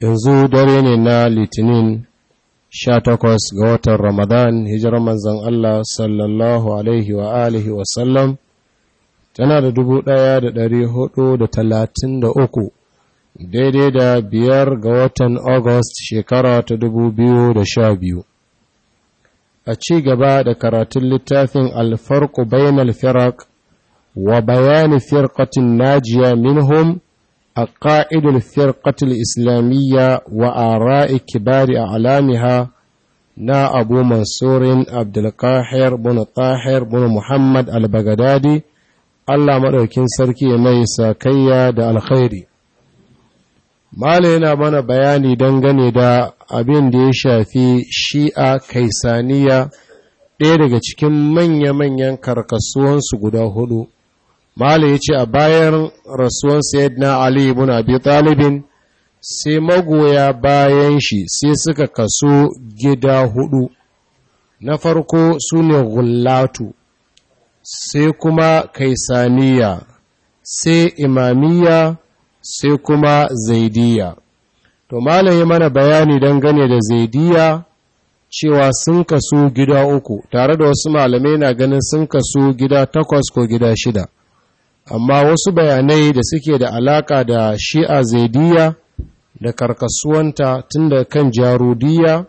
yanzu dare ne na litinin sha takwas ga watan ramadan hijirar manzan Allah sallallahu alaihi wa alihi wasallam tana da dubu da da da hudu talatin uku, daidai da biyar ga watan august shekara ta dubu biyu da sha biyu. a ci gaba da karatun littafin alfarku bayan alfirak wa bayani firkatin najiya minhum عقائد الفرقة الإسلامية islamiyya كبار أعلامها a أبو na abu القاهر بن طاهر بن محمد البغدادي Allah maɗaukin sarki ya mai sakayya da alkhairi. Mala yana mana bayani gane da abin da ya shafi shi'a kaisaniya ɗaya daga cikin manya-manyan karkasuwansu guda hudu. mala ya ce a bayan rasuwan sayyidina ali ibn abi talibin sai magoya bayan shi sai suka kaso gida hudu na farko su ne gullatu sai kuma kaisaniya sai imamiya sai kuma zaidiya to malaye mana bayani gane da zaidiya cewa sun kaso gida uku tare da wasu malamai na ganin sun kaso gida takwas ko gida shida amma wasu bayanai da suke da alaka da shi'a zaidiya da karkasuwanta tun da kan jarudiya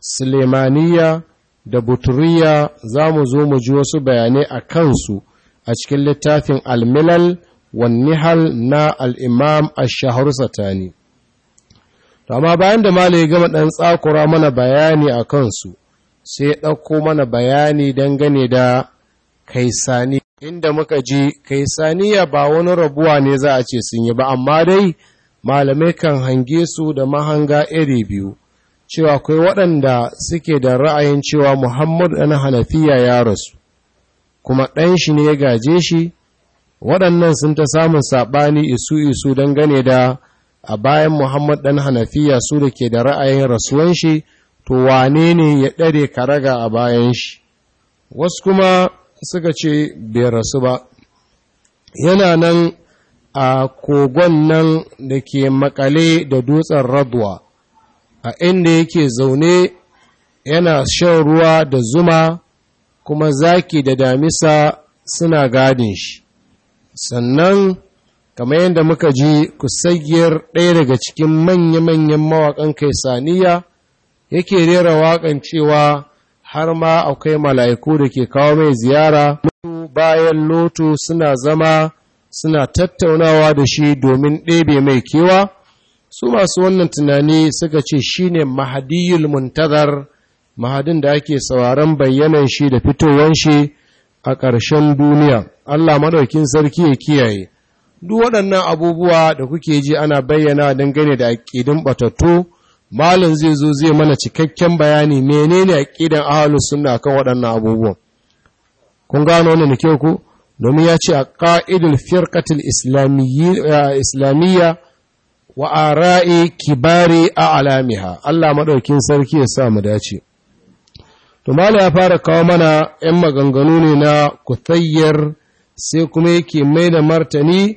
sulemaniya da buturiya za mu zo mu ji wasu bayanai a kansu a cikin littafin almilal nihal na al'imam a shahar satani amma bayan da mala ya gama ɗan tsakura mana bayani a kansu sai ya ɗauko mana bayani dangane da kaisani inda muka je kai saniya ba wani rabuwa ne za a ce sun yi ba amma dai malamai kan hange su da mahanga iri biyu cewa akwai waɗanda suke da ra'ayin cewa muhammadu ɗan hanafiya ya rasu kuma ɗan shi ne ya gaje shi waɗannan sun ta samun saɓani isu-isu don gane da a bayan muhammad ɗan hanafiya su da ke da ra'ayin rasuwan shi to wane ne ya ɗare karaga a bayan shi wasu kuma suka ce bai rasu ba yana nan a kogon nan da ke makale da dutsen radwa a inda yake zaune yana shan ruwa da zuma kuma zaki da damisa suna gadin shi sannan kamar yadda muka ji kusayyar ɗaya daga cikin manya-manyan mawaƙan kaisaniya yake rera waƙan cewa har ma akwai mala'iku da ke kawo mai ziyara bayan lotu suna zama suna tattaunawa da shi domin ɗebe mai kewa su masu wannan tunani suka ce shi shine mahadiyul muntazar mahadin da ake sauraron bayyanan shi da fitowar shi a ƙarshen duniya Allah maɗaukin sarki ya kiyaye duk waɗannan abubuwa da kuke ji ana bayyana dangane da aƙidin batattu malam zai zo zai mana cikakken bayani menene aqidan ahlus sunna kan waɗannan abubuwan kun gano wannan da kyau ku domin ya ce a ƙa'idul firkatul islamiyya wa ara'i kibari a alamiha Allah maɗaukin sarki ya sa mu dace. Tumala ya fara kawo mana ‘yan maganganu ne na kuthayyar sai kuma yake mai da martani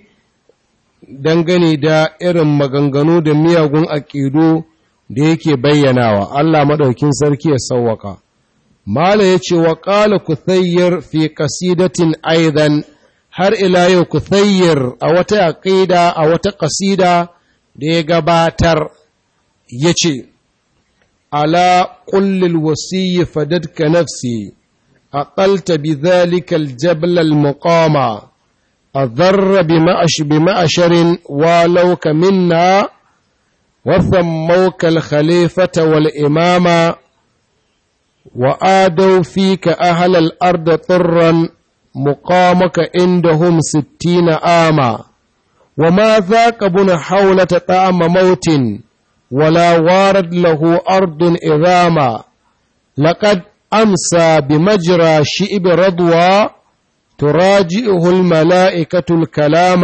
dangane da irin maganganu da miyagun aƙidu. da yake bayyanawa Allah maɗaukin sarki ya sauwaka. Mala ya ce wa ƙala kuthayyar fi ƙasidatin aidan har ila yau kusayyar a wata aƙida a wata ƙasida da ya gabatar ya ce, Ala ƙullil wasiyyi fadadka nafsi, a bi zalikal jablal muƙama, a zarra bi ma'asharin walauka minna وسموك الخليفة والإمام وآدوا فيك أهل الأرض طرا مقامك عندهم ستين آما وما ذاك بن حولة طعم موت ولا وارد له أرض إذاما لقد أمسى بمجرى شئب رضوى تراجئه الملائكة الكلام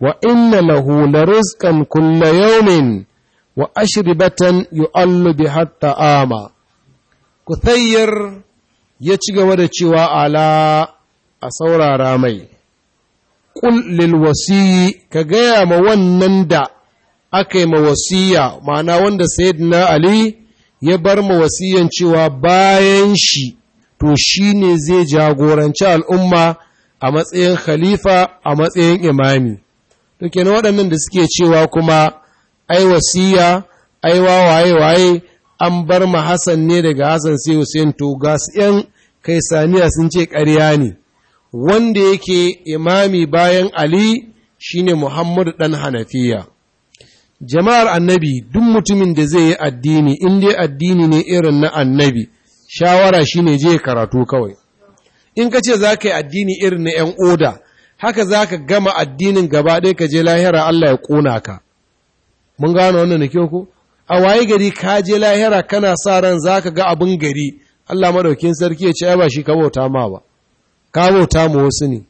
وإن له لرزقا كل يوم wa ashribatan yu'allu bi hatta ama kuthayyir ya ci gaba da cewa ala a saurara mai qul lil wasiyi ka gaya ma wannan da aka yi ma wasiya ma'ana wanda sayyidina ali ya bar ma wasiyan cewa bayan shi to shi ne zai jagoranci al'umma a matsayin khalifa a matsayin imami. To kenan waɗannan da suke cewa kuma ai wasiya ai wawaye waye an bar ma Hassan ne daga Hassan sai Hussein to ga su ‘yan kaisaniya sun ce ƙarya ne, wanda yake imami bayan Ali shine Muhammadu ɗan Hanafiya. Jama'ar annabi duk mutumin da zai yi addini, in dai addini ne irin na annabi, shawara shine je karatu kawai. In ka ce za ka yi addini irin na ‘yan oda, haka za ka gama addinin gaba ɗaya ka je lahira Allah ya ƙona ka. mun gano wannan da kyau ko a waye gari ka je lahira kana sa ran zaka ga abin gari Allah madaukin sarki ya ce ai ba shi ka bauta ma ba ka bauta mu wasu ne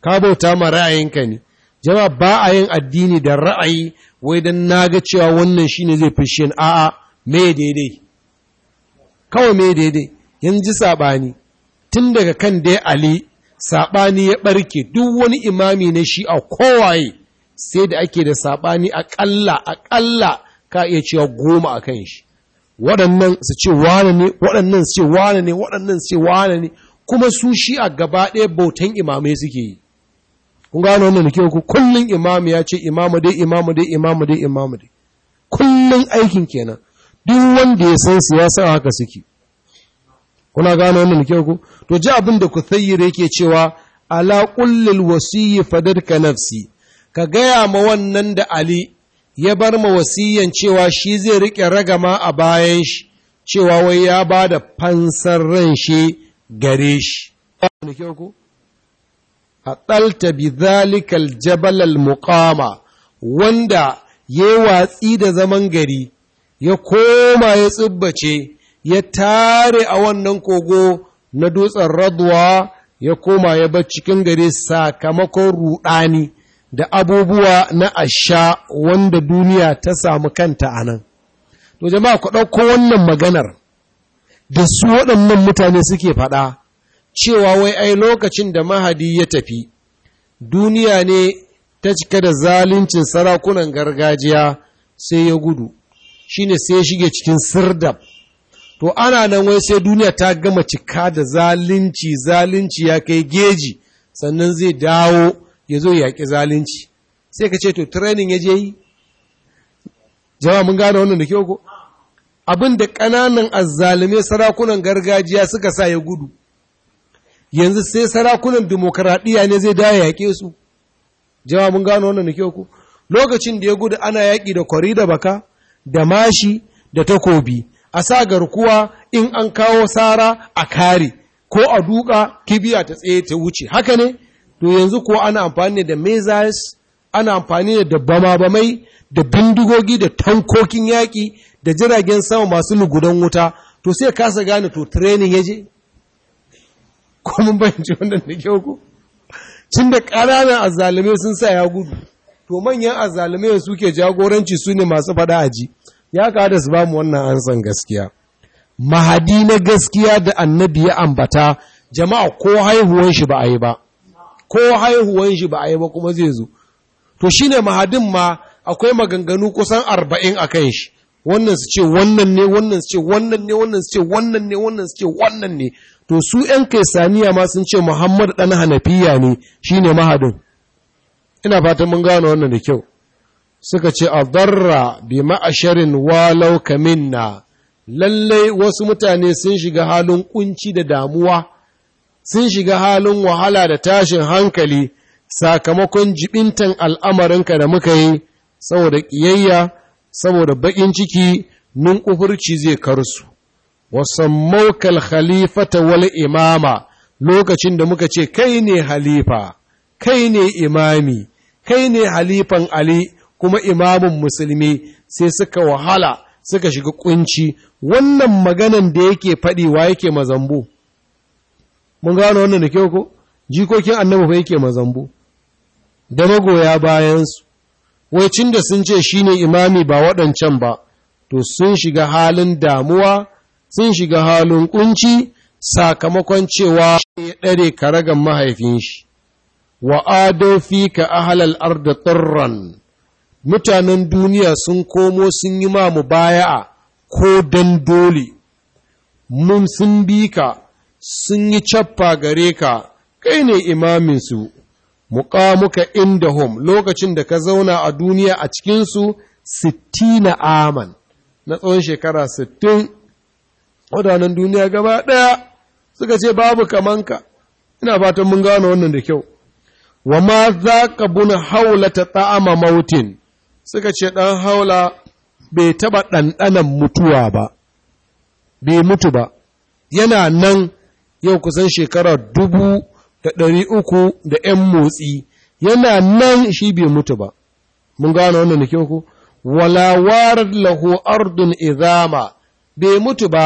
ka bauta ma ra'ayinka ne jama ba a yin addini da ra'ayi wai dan naga cewa wannan shine zai fi shin a'a me daidai kawai me daidai yanzu sabani tun daga kan dai ali sabani ya barke duk wani imami na shi a kowaye sai da ake da saɓani aƙalla aƙalla ka iya cewa goma a kan shi waɗannan su ce wane ne waɗannan su ce wane ne waɗannan su ce wane ne kuma su shi a gaba ɗaya bautan imamai suke yi kun gano wannan da ku kullum imamu ya ce imamu dai imamu dai imamu dai imamu dai kullum aikin kenan duk wanda ya san su ya sa haka suke kuna gano wannan da ku to ji abin da ku thayyir yake cewa ala kullil wasiyyi fadarka nafsi ka gaya ma wannan da Ali ya bar ma wasiyan cewa shi zai riƙe ragama a bayan shi, cewa wai ya ba da fansar ran shi gare shi. A ɗalta bi zalikal jabalal muƙama wanda ya watsi da zaman gari, ya koma ya tsibbace, ya tare a wannan kogo na dutsen raduwa ya koma ya bar cikin gari sakamakon ruɗani. da abubuwa na asha wanda duniya ta samu kanta a nan. To jama'a ku ɗauko wannan maganar da su waɗannan mutane suke faɗa cewa wai ai lokacin da mahadi ya tafi, duniya ne ta cika da zaluncin sarakunan gargajiya sai ya gudu, shi ne sai shige cikin sirdab. To ana nan wai sai duniya ta gama cika da zalunci, zalunci ya kai geji, sannan zai dawo. ya zo yaƙi zalunci sai ka ce to training ya je yi jama'a mun gane wannan da kyau ko abin da ƙananan azzalume sarakunan gargajiya suka sa ya gudu yanzu sai sarakunan dimokuraɗiyya ne zai daya yaƙe su jama'a mun gano wannan da kyau ko lokacin da ya gudu ana yaƙi da kwari da baka da mashi da takobi a sa garkuwa in an kawo sara a kare ko a duka kibiya ta tsaye ta wuce haka ne to yanzu ko ana amfani da mezas ana amfani da bama-bamai da bindigogi da tankokin yaƙi da jiragen sama masu lugudan wuta to sai kasa gane to training ya je ko mun wannan da kyau ko cin da ƙananan azalume sun sa ya gudu to manyan azzalumai suke jagoranci su ne masu faɗa aji ya ka su ba mu wannan ansan gaskiya mahadi na gaskiya da annabi ya ambata jama'a ko haihuwan shi ba a yi ba ko haihuwan shi ba a yi ba kuma zai zo to shi ne mahadin ma akwai maganganu kusan arba'in a kan shi wannan su ce wannan ne wannan su ce wannan ne wannan su ce wannan ne wannan su ce wannan ne to su ‘yan kaisaniya ma sun ce muhammadu ɗan hanafiya ne shi ne mahadin ina fatan mun gano wannan da kyau suka ce a zarra bi ma'asharin walau kaminna lallai wasu mutane sun shiga halin kunci da damuwa sun shiga halin wahala da tashin hankali sakamakon jibintan al'amarinka da muka yi saboda ƙiyayya saboda baƙin ciki nun kufurci zai karsu wasan maukal khalifata wal imama lokacin da muka ce kai ne halifa kai ne imami kai ne halifan ali kuma imamin musulmi sai suka wahala suka shiga ƙunci. wannan maganan da yake wa yake mazambu? mun gano wannan da kyau ko jikokin annabi fa yake mazambu da magoya bayansu wai cin da sun ce shine imami ba waɗancan ba to sun shiga halin damuwa sun shiga halin ƙunci, sakamakon cewa ya ɗare karagan mahaifin shi wa adofi ka ahalal arda turran mutanen duniya sun komo sun yi ma mubaya'a ko dan dole mun sun bi ka sun yi cappa gare ka kai ne imaminsu muƙamuka hom lokacin da ka zauna a duniya a cikinsu sittina aman na tsawon shekara sittin waɗannan duniya gaba ɗaya suka ce babu kamanka ina fatan mun gano wannan da kyau wa ma za ka buna haula ta ta'ama mautin suka ce ɗan haula bai taɓa ɗanɗanan mutuwa ba bai mutu ba yana nan yau kusan shekara dubu da ɗari uku da ‘yan motsi yana nan shi bai mutu ba mun gano wannan da kyau ku Walawar laho ardun izama bai mutu ba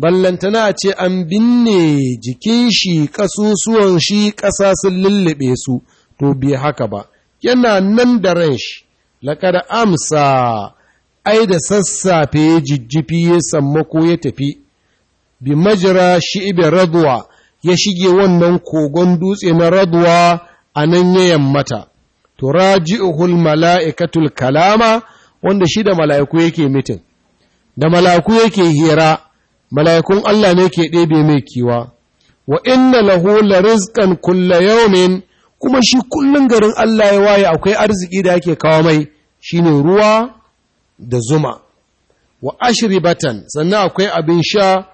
ballantana ce an binne jikin shi ƙasusuwan shi ƙasa sun lullube su to bai haka ba yana nan da ran shi laƙar amsa ai da sassafe jijjifi ya sammako ya tafi bi majira shi'ibe raduwa ya shige wannan kogon dutse na raduwa a nan ya yammata, to raji'uhul mala'ikatul kalama wanda shi da mala'iku yake mitin, da mala'iku yake hira, mala'ikun Allah ne ke ɗebe mai kiwa, wa inna lahu la rizqan kulla kuma shi kullum garin Allah ya waye akwai arziki da yake kawo mai shine ruwa da zuma. wa ashribatan sannan akwai abin sha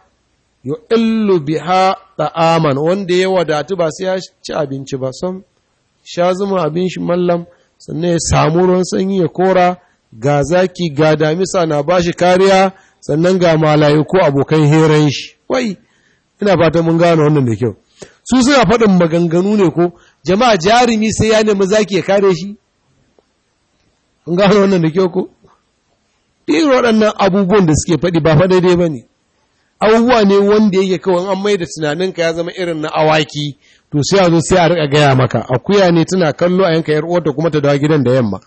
bi ha ɗa'aman wanda ya wadatu ba sai ya ci abinci ba son sha zuma abin shi mallam sannan ya samu ruwan sanyi ya kora ga zaki ga damisa na bashi kariya sannan ga malayu ko abokan heran shi wai ina fatan mun gano wannan da kyau su suna faɗin maganganu ne ko jama'a jarumi sai ya nemi zaki ya kare shi mun gano wannan da kyau ko irin waɗannan abubuwan da suke faɗi ba fa daidai ba ne abubuwa ne wanda yake kawai an mai da tunaninka ya zama irin na awaki to sai a zo sai a riƙa gaya maka akuya ne tana kallo a yanka 'yar uwarta kuma ta dawo gidan da yamma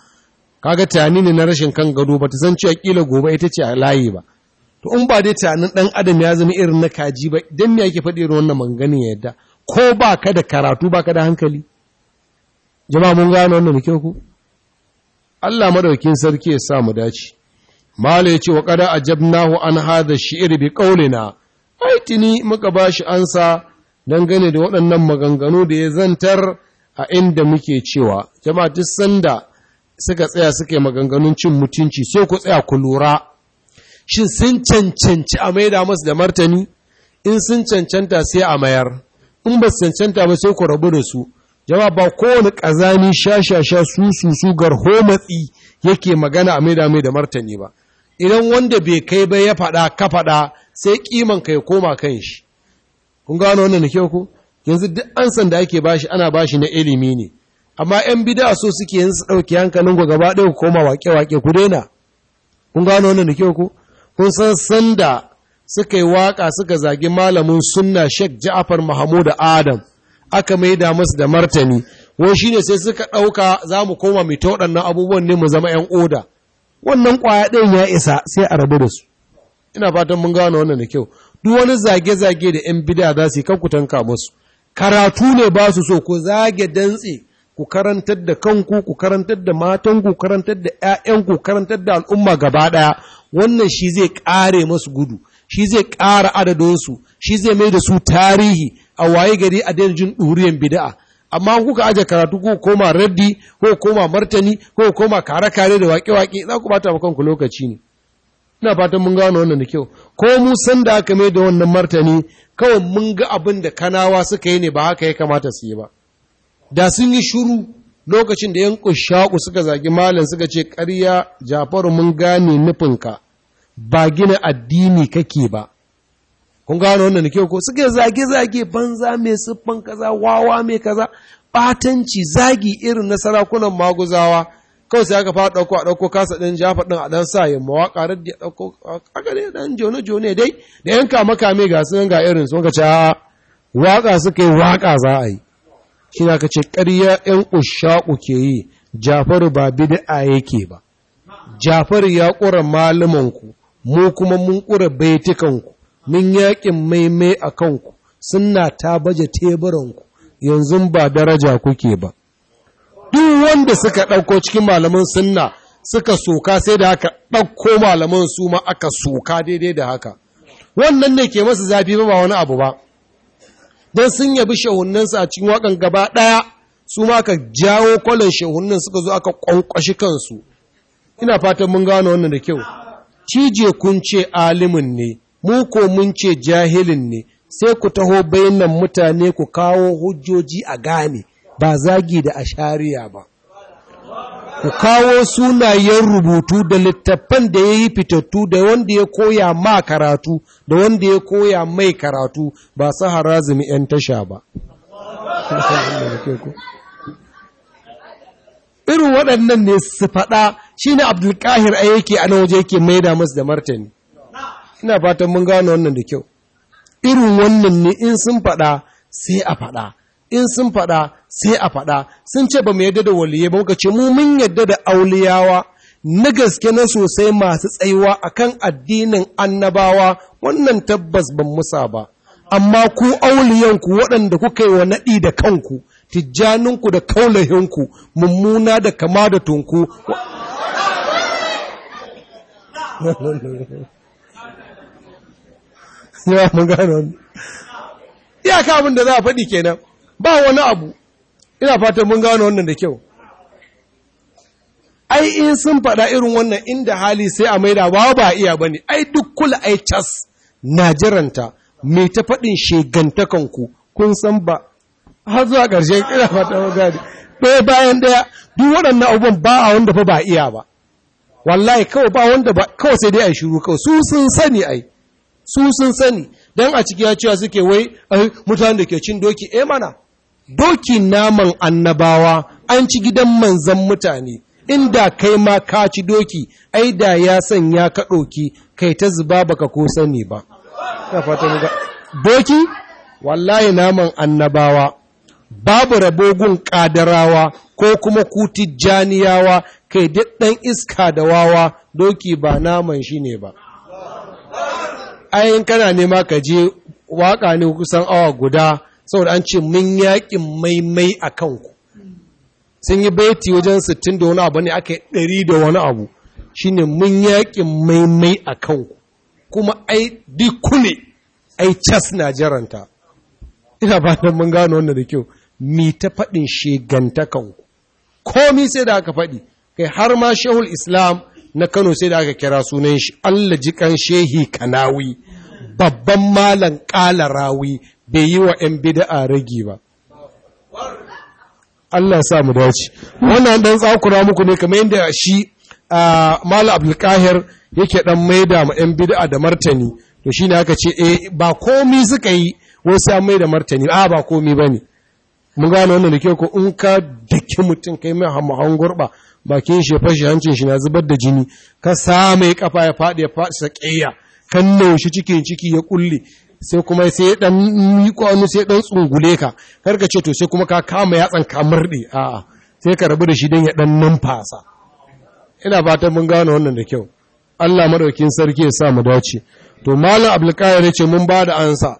kaga tani ne na rashin kan gado ba ta san cewa kila gobe ita ce a layi ba to in ba dai tunanin dan adam ya zama irin na kaji ba dan me yake faɗi irin wannan manganin ya yadda ko ba ka da karatu ba ka da hankali jama'a mun gano wannan ke ku Allah madaukin sarki ya sa mu dace mala ce wa qad ajabnahu an haza shi’ir bi qawlina aitini muka bashi ansa dangane da waɗannan maganganu da ya zantar a inda muke cewa jama'a duk sanda suka tsaya suke maganganun cin mutunci sai ku tsaya ku lura shin sun cancanci a maida masu da martani in sun cancanta sai a mayar in ba su cancanta ba sai ku rabu da su jama ba kowane ƙazani sha sha sha su su su garho matsi yake magana a maida mai da martani ba idan wanda bai kai ba ya faɗa ka faɗa sai ƙiman ka ya koma kan shi kun gano wannan nake ku yanzu duk ansan da ake bashi ana bashi na ilimi ne amma yan bid'a so suke yin su dauki hankalin ku gaba ɗaya ku koma wake wake ku daina kun gano wannan nake ku kun san sanda suka yi waka suka zagi malamin sunna Sheikh Ja'far Mahmud Adam aka maida musu da martani wai shine sai suka ɗauka zamu koma mu ta waɗannan abubuwan ne mu zama 'yan oda wannan kwaya ɗin ya isa sai a rabu da su ina fatan mun gano wannan da kyau duk wani zage-zage da 'yan bida za su yi kan ku tanka musu karatu ne ba su so ku zage dantse ku karantar da kanku ku karantar da matanku karantar da 'ya'yanku karantar da al'umma gaba ɗaya wannan shi zai ƙare masu gudu shi zai ƙara adadinsu shi zai mai da su tarihi a waye gari a daina jin bida'a amma kuka aje karatu ko koma raddi ko koma martani ko koma kare-kare da waƙe-waƙe za ku bata wa kanku lokaci ne ina fatan mun gano wannan da kyau ko mu san da aka mai da wannan martani kawai mun ga abin da kanawa suka yi ne ba haka ya kamata su yi ba da sun yi shuru lokacin da yan kushaku suka zagi malam suka ce ƙarya jafaru mun gane nufinka ba gina addini kake ba kun gano wannan da kyau ko suke zage-zage banza mai siffan kaza wawa mai kaza batanci zagi irin na sarakunan maguzawa kawai sai aka fara ɗauko a ɗauko kasa ɗin jafa ɗin a ɗan sa yin mawaƙa da ya ɗauko aka dai ɗan jone-jone dai da yan kama kame ga su ga irin sun ka ce waƙa ka yi waƙa za a yi shi na ka ce ƙarya ‘yan ushaku ke yi jafaru ba bid'a yake ba jafaru ya ƙura malamanku mu kuma mun ƙura baitukanku min yaƙin maimai a kanku suna ta baje teburanku yanzu ba daraja kuke ba duk wanda suka ɗauko cikin malaman sunna suka soka sai da haka ɗauko malaman su ma aka soka daidai da haka wannan ne ke masu zafi ba wani abu ba don sun yabi shahunansu a cikin waƙan gaba ɗaya su ma aka jawo kwallon shahunan suka zo aka ƙwanƙwashi kansu ina fatan mun gano wannan da kyau cije kun ce alimin ne mu ko mun ce jahilin ne sai ku taho bayanan mutane ku kawo hujjoji a gane ba zagi da ashariya ba ku kawo sunayen rubutu da littattafan da ya yi fitattu da wanda ya koya ma karatu da wanda ya koya mai karatu ba su harazumi 'yan tasha ba irin waɗannan ne su faɗa shi ne abdulkahir a yake a nan waje yake maida masu da martani ina fatan mun gano wannan da kyau irin wannan ne in sun faɗa sai a faɗa in sun faɗa sai a faɗa sun ce ba mu yadda da waliye ba muka ce mu mun yadda da auliyawa na gaske na sosai masu tsayuwa akan addinin annabawa wannan tabbas ban musa ba amma ku auliyanku waɗanda kuka yi wa naɗi da kanku tijjaninku da kaulahinku mummuna da kama da tunku ya mun gano wannan ka abin da za a faɗi kenan ba wani abu ina fatan mun gano wannan da kyau ai in sun faɗa irin wannan inda hali sai a maida ba ba iya ba ne ai duk kula ai cas na jiranta mai ta faɗin shegantakanku kun san ba har zuwa ƙarshe ina fatan mun gano ɗaya bayan ɗaya duk waɗannan abubuwan ba a wanda fa ba iya ba wallahi kawai ba wanda ba kawai sai dai a shiru kawai su sun sani ai su sun sani don a ciki ya cewa suke wai mutane da ke cin doki e mana doki naman annabawa an ci gidan manzan mutane inda kai ma ka ci doki ai da ya sanya ka doki kai ta zuba baka ko sani ba doki wallahi naman annabawa babu rabogun ƙadarawa ko kuma kuti kai daɗin iska da wawa doki ba naman shi ne ba ayin kana nema ka je waka ne kusan awa guda saboda an ce mun yakin maimai a kanku sun yi baiti wajen sittin da wani abu ne aka yi ɗari da wani abu shine mun yakin maimai a kanku kuma ai ne ai cas na jaranta ina ba da mun gano wannan da kyau mi ta faɗin shegantakanku komi sai da aka faɗi kai har ma shehul islam na Kano sai da aka kira sunan shi Allah jikan shehi kanawi babban malan kalarawi bai yi wa ‘yan bida'a rage ba. Allah sa mu dace. Wannan ɗan tsakura muku ne kamar yadda shi Mala Abdulkahir yake ɗan maida ma ‘yan bida'a da martani, to shi ne aka ce, e, ba komi suka yi wasu an maida martani, a ba komi ba ne. Mun gano wannan da ke ko in ka dake mutum kai mai hamahan gurɓa, bakin shi ya fashe hancin shi na zubar da jini ka sa mai kafa ya faɗi ya faɗi saƙiya kan naushi cikin ciki ya kulle sai kuma sai dan miƙo anu sai dan tsungule ka karka ce to sai kuma ka kama yatsan ka murde a'a sai ka rabu da shi dan ya dan numfasa ina fatan mun gane wannan da kyau Allah madaukin sarki ya sa mu dace to malam abdulkadir ya ce mun ba da ansa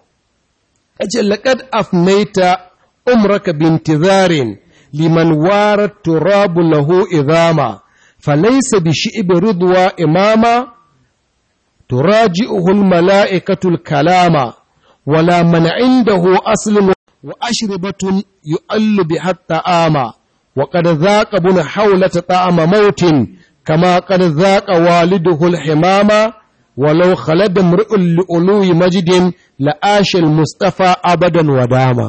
ce, laqad afnaita umraka bintizarin liman wara turabu lahu izama falaysa bi shi'b ridwa imama turaji'uhu al mala'ikatu al kalama wala man indahu aslun wa ashribatun yu'allu bi hatta ama wa qad dhaqa bun hawlata ta'ama mautin kama qad dhaqa waliduhu al himama ولو خلد امرئ لألوي مجد لآش abadan أبدا وداما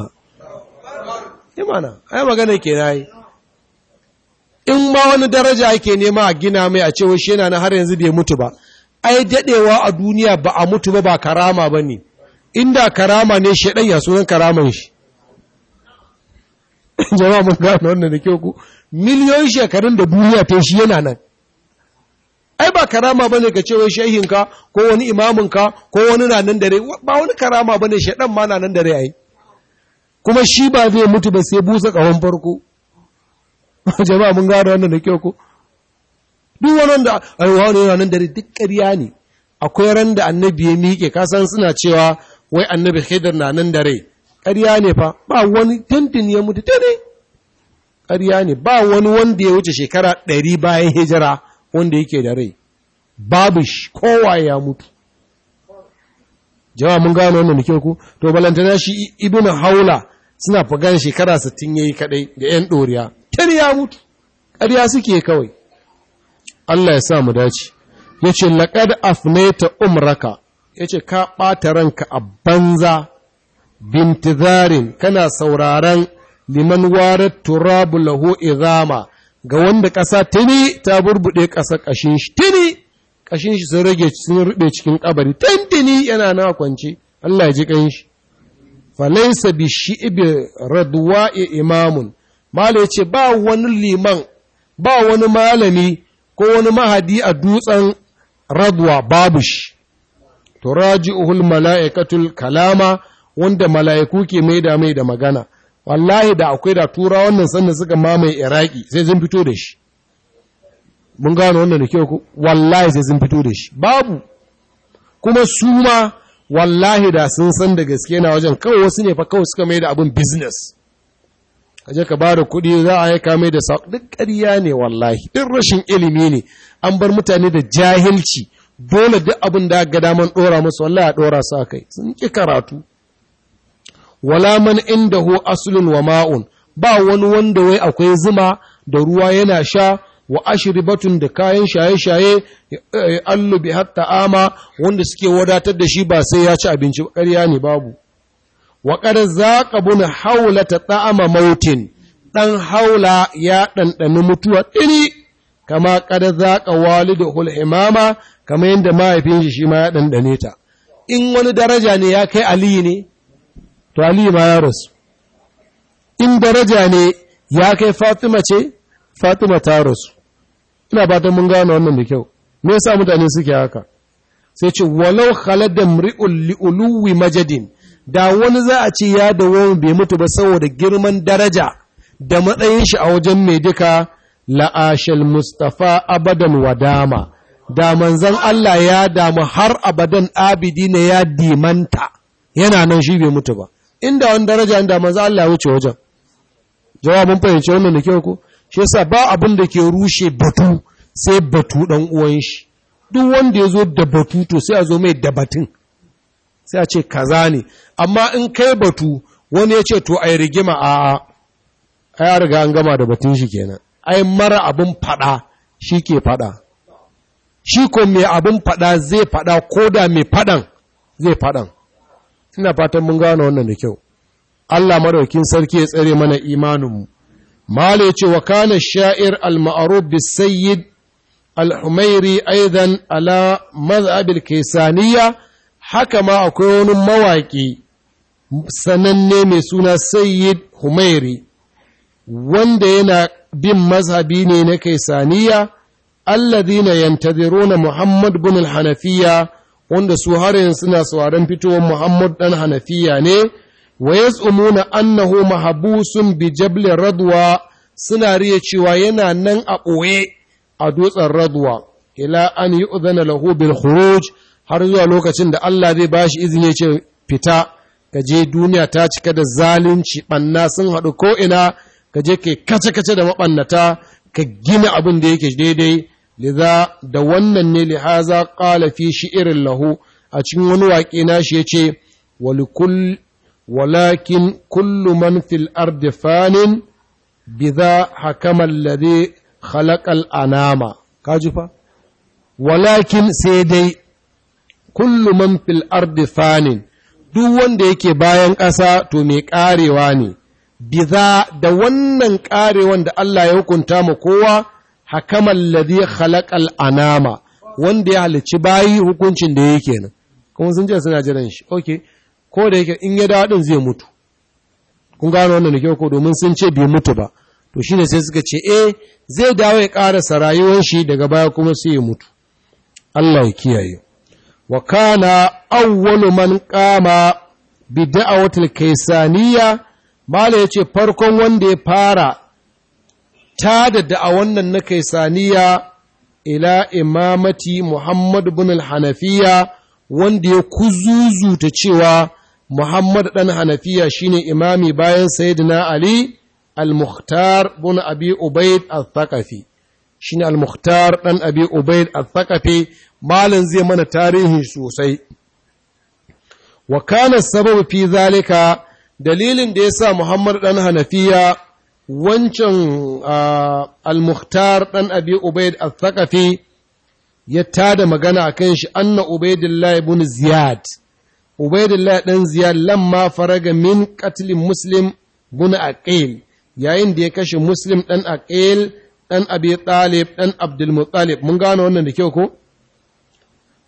yi eh, mana yi magana ke na yi in ma wani daraja ake nema a gina mai a cewa shi yana na har yanzu bai mutu ba ai dadewa a duniya ba a mutu ba ba karama ba ne inda karama ne shaɗan ya sunan karaman shi jama'a mun gano wannan da ke ku miliyoyin shekarun da duniya ta shi yana nan ai ba karama bane ka ce wai shehinka ko wani imaminka ko wani na nan dare. ba wani karama bane shaɗan ma na nan dare ai kuma shi ba zai mutu ba sai busa ƙahon farko jama'a mun gada wannan da kyau ko duk wani da aiwa ne yana nan dare duk ƙarya ne akwai ran da annabi ya miƙe kasan suna cewa wai annabi khidr na nan dare ƙarya ne fa ba wani tintin ya mutu tare ƙarya ne ba wani wanda ya wuce shekara ɗari bayan hijira wanda yake da rai babu shi kowa ya mutu jawa mun gano wannan muke ku to balantana shi ibnu haula suna fagan shekara 60 yayi kadai da yan doriya kar ya mutu ƙarya suke kawai Allah ya sa mu dace yace laqad afnaita umraka yace ka ɓata ranka a banza bintizarin kana sauraron liman warar turabu lahu izama ga wanda ƙasa tini ta burbuɗe ƙasa kashin shi tini kashin shi sun rage sun rube cikin kabari tantini yana na kwance Allah ya ji kan shi laysa bi shi'bi radwa'i imamun mala ce ba wani liman ba wani malami ko wani mahadi a dutsen radwa babu shi to raji'ul mala'ikatul kalama wanda mala'iku ke mai da mai da magana wallahi da akwai da tura wannan sannan suka mamaye iraki sai sun fito da shi mun gano wannan da kyau wallahi sai sun fito da shi babu kuma su ma wallahi da sun san da gaske na wajen kawai wasu ne fa kawai suka mai da abin business kaje ka bada kuɗi za a aika mai da saƙo duk ƙarya ne wallahi duk rashin ilimi ne an bar mutane da jahilci dole duk abin da ga daman ɗora musu wallahi a ɗora su kai sun ƙi karatu wala man indahu aslun wa ma'un ba wani wanda wai akwai zuma da ruwa yana sha wa batun da kayan shaye-shaye ya eh, allubi hatta ama wanda suke wadatar da shi ba sai ya ci abinci ƙarya ne babu wa za ka buna haula ta ta'ama mautin ɗan haula ya ɗanɗani mutuwa ɗiri kama za ka wali da hulhimama kama yadda mahaifin shi shi ma ya ɗanɗane ta in wani daraja ne ya kai aliyu ne to aliyu ma ya rasu in daraja ne ya kai fatima ce fatima ta rasu ina ba mun gano wannan da kyau me yasa mutane suke haka sai ce walau khaladam ri'ul li'uluwi majadin da wani za a ce ya dawo bai mutu ba saboda girman daraja da matsayin shi a wajen mai duka la'ashil mustafa abadan wadama da manzan Allah ya damu har abadan abidi ne ya dimanta yana nan shi bai mutu ba inda wani daraja inda manzan Allah ya wuce wajen jawabin fahimci wannan da kyau ko shi yasa ba abin da ke rushe batu sai batu dan uwan shi duk wanda ya zo da batu to sai a zo mai da batun sai a ce kaza ne amma in kai batu wani ya ce to ai rigima a a ya riga an gama da batun shi kenan ai mara abin fada shi ke fada shi ko mai abin fada zai fada ko da mai fadan zai fadan ina fatan mun gane wannan da kyau Allah maraukin sarki ya tsare mana imaninmu Mala ya ce wa kana sha'ir al-ma'aruf bis sayyid al-humairi aizan ala mazhabil kaisaniya haka ma akwai wani mawaƙi sananne mai suna sayyid humairi wanda yana bin mazhabi ne na kaisaniya alladhina na muhammad bin al-hanafiya wanda su har yanzu suna sauraron fitowar muhammad dan hanafiya ne wa yas'umuna annahu mahbusun bi radwa suna riya cewa yana nan a ɓoye a dutsen radwa ila an yu'zana lahu bil khuruj har zuwa lokacin da Allah zai bashi izini ce fita ka je duniya ta cika da zalunci banna sun haɗu ko ina ka je ka kace-kace da mabannata ka gina abin da yake daidai liza da wannan ne lihaza qala fi irin lahu a cikin wani waƙe na shi yace walakin kullu fil ardi fanin biza hakama alladhi khalaqal anama kaji fa walakin sai dai kullu man fil ardi fanin duk wanda yake bayan ƙasa to mai ƙarewa ne biza da wannan ƙarewan da Allah ya hukunta ma kowa hakamar ladhi khalaqal anama wanda ya halici bayi hukuncin da yake nan kuma sun ce suna jiran shi okay ko da yake in ya dawo din zai mutu kun gano wannan da kyau ko domin sun ce bai mutu ba to shine sai suka ce e, zai dawo ya karasa rayuwar shi daga baya kuma sai ya mutu Allah ya kiyaye wa kana awwalu man qama bi da'awatil kaisaniya mala yace farkon wanda ya fara ta da da'awan nan na kaisaniya ila imamati Muhammad bin al-Hanafiya wanda ya kuzuzuta cewa Muhammad ɗan Hanafiya shine imami bayan Sayyidina Ali al-Mukhtar bin Abi Ubaid al-Thaqafi shine al-Mukhtar ɗan Abi Ubaid al-Thaqafi malin zai mana tarihi sosai wa kana sababu fi zalika dalilin da yasa Muhammad ɗan Hanafiya wancan al-Mukhtar ɗan Abi Ubaid al-Thaqafi ya tada magana akan shi anna Ubaidillah ibn Ziyad Ubaidullah ɗan Ziyad lamma faraga min katilin Muslim a Aqil yayin da ya kashe Muslim ɗan Aqil ɗan Abi ɗalib, ɗan Abdulmuttalib mun gano wannan da kyau ko?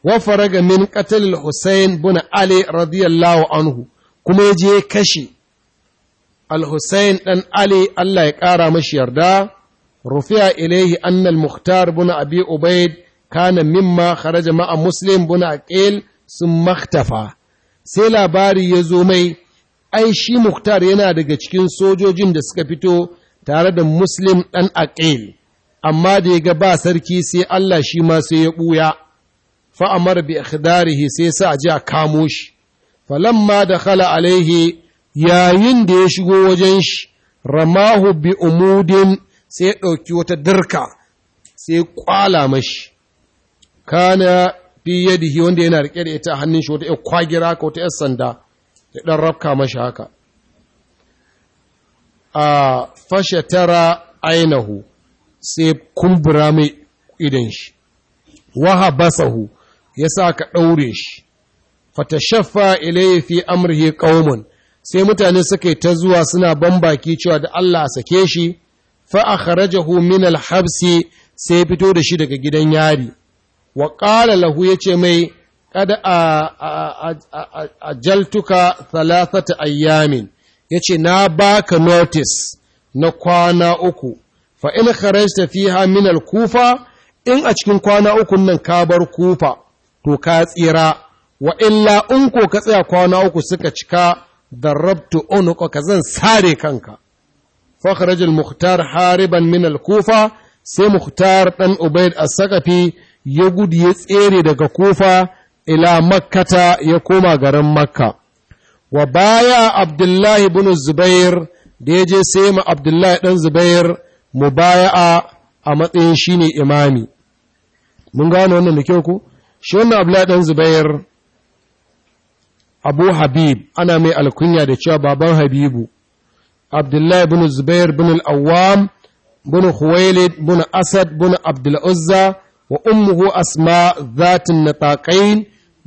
Wa faraga min katilin Hussein bin Ali radiyallahu anhu kuma ya je kashe Al-Hussein ɗan Ali Allah ya ƙara mashi yarda rufiya ilaihi annal Muhtar buna Abi Ubaid kana mimma kharaja ma'a Muslim a Aqil sun maktafa sai labari ya zo mai ai shi Muktar yana daga cikin sojojin da suka fito tare da Muslim ɗan Aqil, amma da ya ga ba sarki sai Allah shi ma sai ya ɓuya, fa'amar bi ikhdarihi sai sa a ji a kamo shi, falamma da khala alaihi yayin da ya shigo wajen shi, ramahu bi umudin sai ya ɗauki wata dirka sai ya ƙwala mashi. Kana fi yadihi wanda yana rike da ita a hannun shi wata 'yan kwagira ko wata yar sanda ya dan rafka mashi haka a fashe tara ainihu sai kumbura mai idan shi waha basahu ya sa ka ɗaure shi fatashaffa ilayhi fi amrihi qaumun sai mutane suka ta zuwa suna bambaki cewa da Allah a sake shi fa akhrajahu min al-habsi sai fito da shi daga gidan yari wa ƙala lahu ya ce mai kada a jaltuka thalathata ayyamin ya ce na baka notice na kwana uku fa in kharajta fiha min al-kufa in a cikin kwana uku nan ka bar kufa to ka tsira wa illa in ko ka tsaya kwana uku suka cika darabtu unuka ka zan sare kanka fa kharajal muhtar hariban min al-kufa sai Muktar dan ubayd as sakafi. ya gudu ya tsere daga kufa ila makkata ya koma garin makka wa baya abdullahi bin zubair da ya je sai ma abdullahi ɗan zubair mu baya a matsayin shi ne imami mun gano wannan da kyau ku shi wannan abdullahi ɗan zubair abu habib ana mai alkunya da cewa baban habibu abdullahi bin zubair bin al'awam bin huwailid bin asad bin abdul'uzza wa ummuhu asma zatin nataqain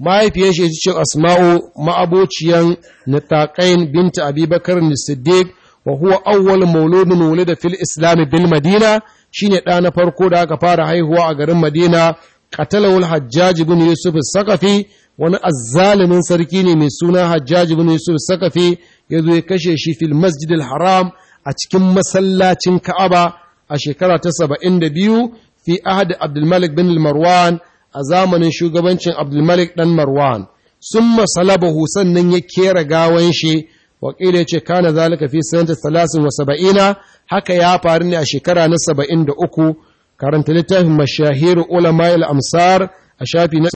mahaifiyar shi ce asma'u ma'abociyan nataqain binta abubakar siddiq wa huwa awwal mauludin wulida fil islam bil madina shine ɗa na farko da aka fara haihuwa a garin madina qatalawul hajjaj ibn yusuf sakafe wani azzalimin sarki ne mai suna hajjaj ibn yusuf sakafe ya zo ya kashe shi fil masjidil haram a cikin masallacin ka'aba a shekara ta saba'in da biyu fi ahad Abdulmalik bin Marwan a zamanin shugabancin Abdulmalik dan Marwan sun salabahu sannan ya kera gawan shi wa ya ce kana zalika fi sanata saba'ina haka ya faru ne a shekara na saba'in da uku karanta littafin mashahir ulama al-amsar a shafi na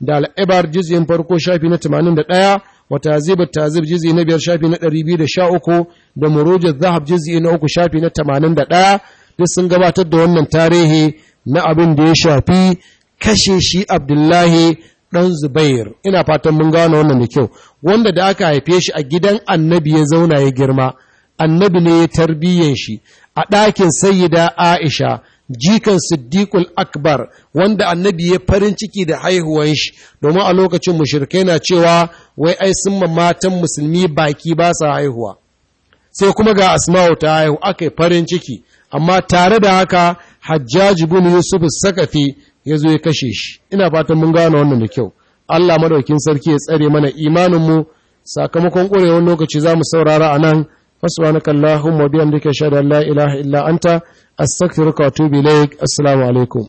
da al'ibar jizyin farko shafi na tamanin da ɗaya wa tazib tazib jizyi na biyar shafi na ɗari biyu da sha uku da muruj zahab jizyi na uku shafi na tamanin da ɗaya. duk sun gabatar da wannan tarihi na abin da ya shafi kashe shi abdullahi ɗan zubair ina fatan mun gano wannan da kyau wanda da aka haife shi a gidan annabi ya zauna ya girma annabi ne ya tarbiyyan shi a ɗakin sayyida aisha jikan siddiqul akbar wanda annabi ya farin ciki da haihuwan shi domin a lokacin mushirikai na cewa wai ai sun matan musulmi baki ba sa haihuwa sai kuma ga asma'u ta haihu aka yi farin ciki amma tare da haka hajjaji bin yusuf sakafi ya zo ya kashe shi ina fatan mun gano wannan da kyau Allah madaukin sarki ya tsare mana imaninmu sakamakon ƙurewar lokaci za mu saurara a nan فسبحانك اللهم وبحمدك اشهد ان لا illa anta انت wa واتوب اليك السلام